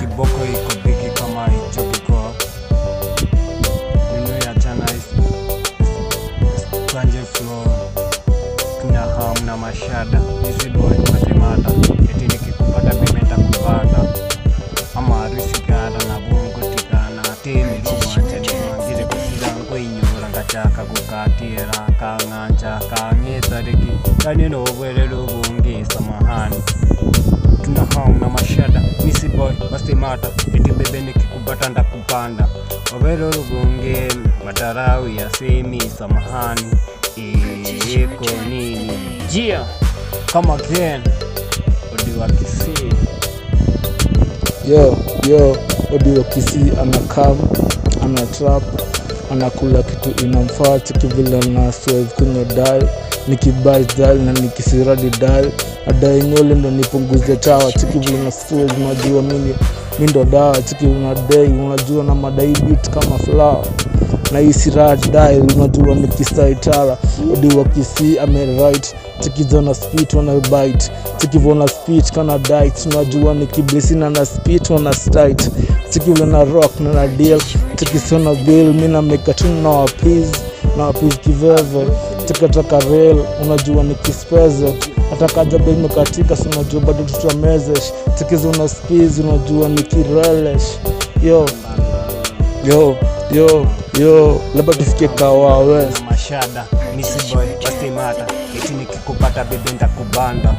Kiboko iko piki kama ichopiko. Minu ya chana kanje flow. Kuna hamna mashada. Hizi dua imatemata. Eti nikikupata pimenta kupata. Ama arisi kata na bungo tikana. Timi lumache nimangire kusirango inyura ngachaka kukatira. Kang'ancha kang'etariki. Kani no obwere lubu samahani tuna hong na mashada misi boy masimata eti bebe nikikupata ndakupanda waverorogonge matarawi ya semi samahani iko nini jia kama again odiwa kisi yo yo odiwa kisi ana kam ana trap anakula kitu inamfaa chiki na swave kunywa dai nikibasdal na nikisiradi dal adaenyole ndo nipunguze tawa chiki vile na stres unajua mini mindo dawa dawa chiki unadei unajua na madai madaibit kama flower na dial unajua nikisaitara odi wakisi ameright tikizona spit wana bite tikivona spit kana diet unajua nikiblisina na na spit wana stight tikivile na rock na na deal tikisona bill mi na mekatuni na wapiz na wapiz kiveve katika taka rail, unajua ni kispeze atakaja bei imekatika, si bado tutamezesha tikizi una skizi, unajua ni yo yo yo yo, labda tusikie kawawe mashada misibasimata eti nikikupata bebe ndakubanda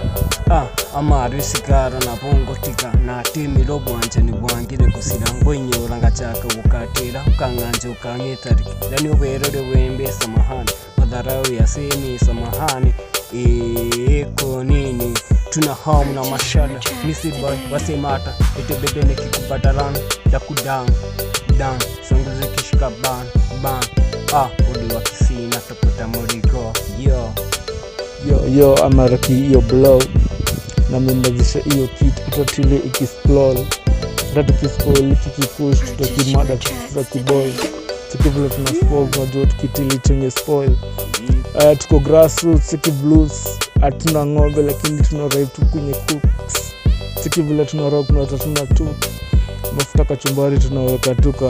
ah, amarisikara navongotika natemile bwanjani bwangile kusila ngwenyeulanga chake ukatila ukang'anje ukang'etariki lani uwerere wembesa mahani dharau ya sini, samahani iko nini? Tuna hamu na mashala misiba wasemata betebete, nikikupata ran dakudang dan songo kishika ban ban ah odi wa kisina takuta moriko yo yo yo amaraki iyo blow namembazisha iyo kitu utatile ikisplola tatukiskoli kikipush tutakimada tutakiboy siki vile tuna spoil tunajua tukitili chenye spoil uh, tuko grassroots siki blues hatuna ng'ombe lakini tuna raitu kwenye cooks siki vile tuna rock na tatuna tu mafuta kachumbari tunaweka tuka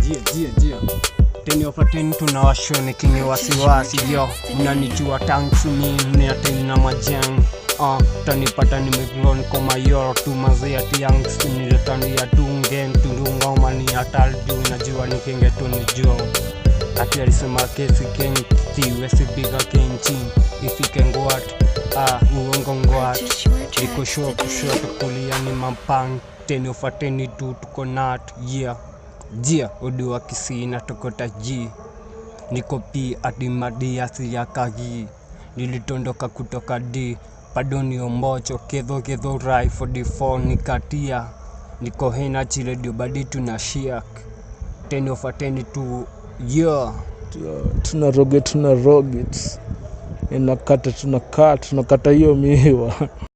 jia jia jia teni ofa teni tunawashone kini wasiwasi yo mnanitua tanksumi teni na majani Ah, tani patani miglon koma yoro tu mazia tiangsinilekani ya dunge mtundungoma ni hatalju najua ni kenge tunijua ati alisema kesi kenti wesipiga kenchi ifike ngwat uh, uongo ngwat ah, ikoshua kushoto kulia ni mampang teni ufateni tu tuko nat yeah jia udiwa kisina tokota ji niko pi ati madi ya kagi nilitondoka kutoka di bado Padonio Mbocho, Ketho Ketho Rai 44, Nikatia, Nikohena Chile Diobaditu na Shiak 10 over ten tu yo Tuna roget, tuna roget, inakata tunakata tunakata hiyo miwa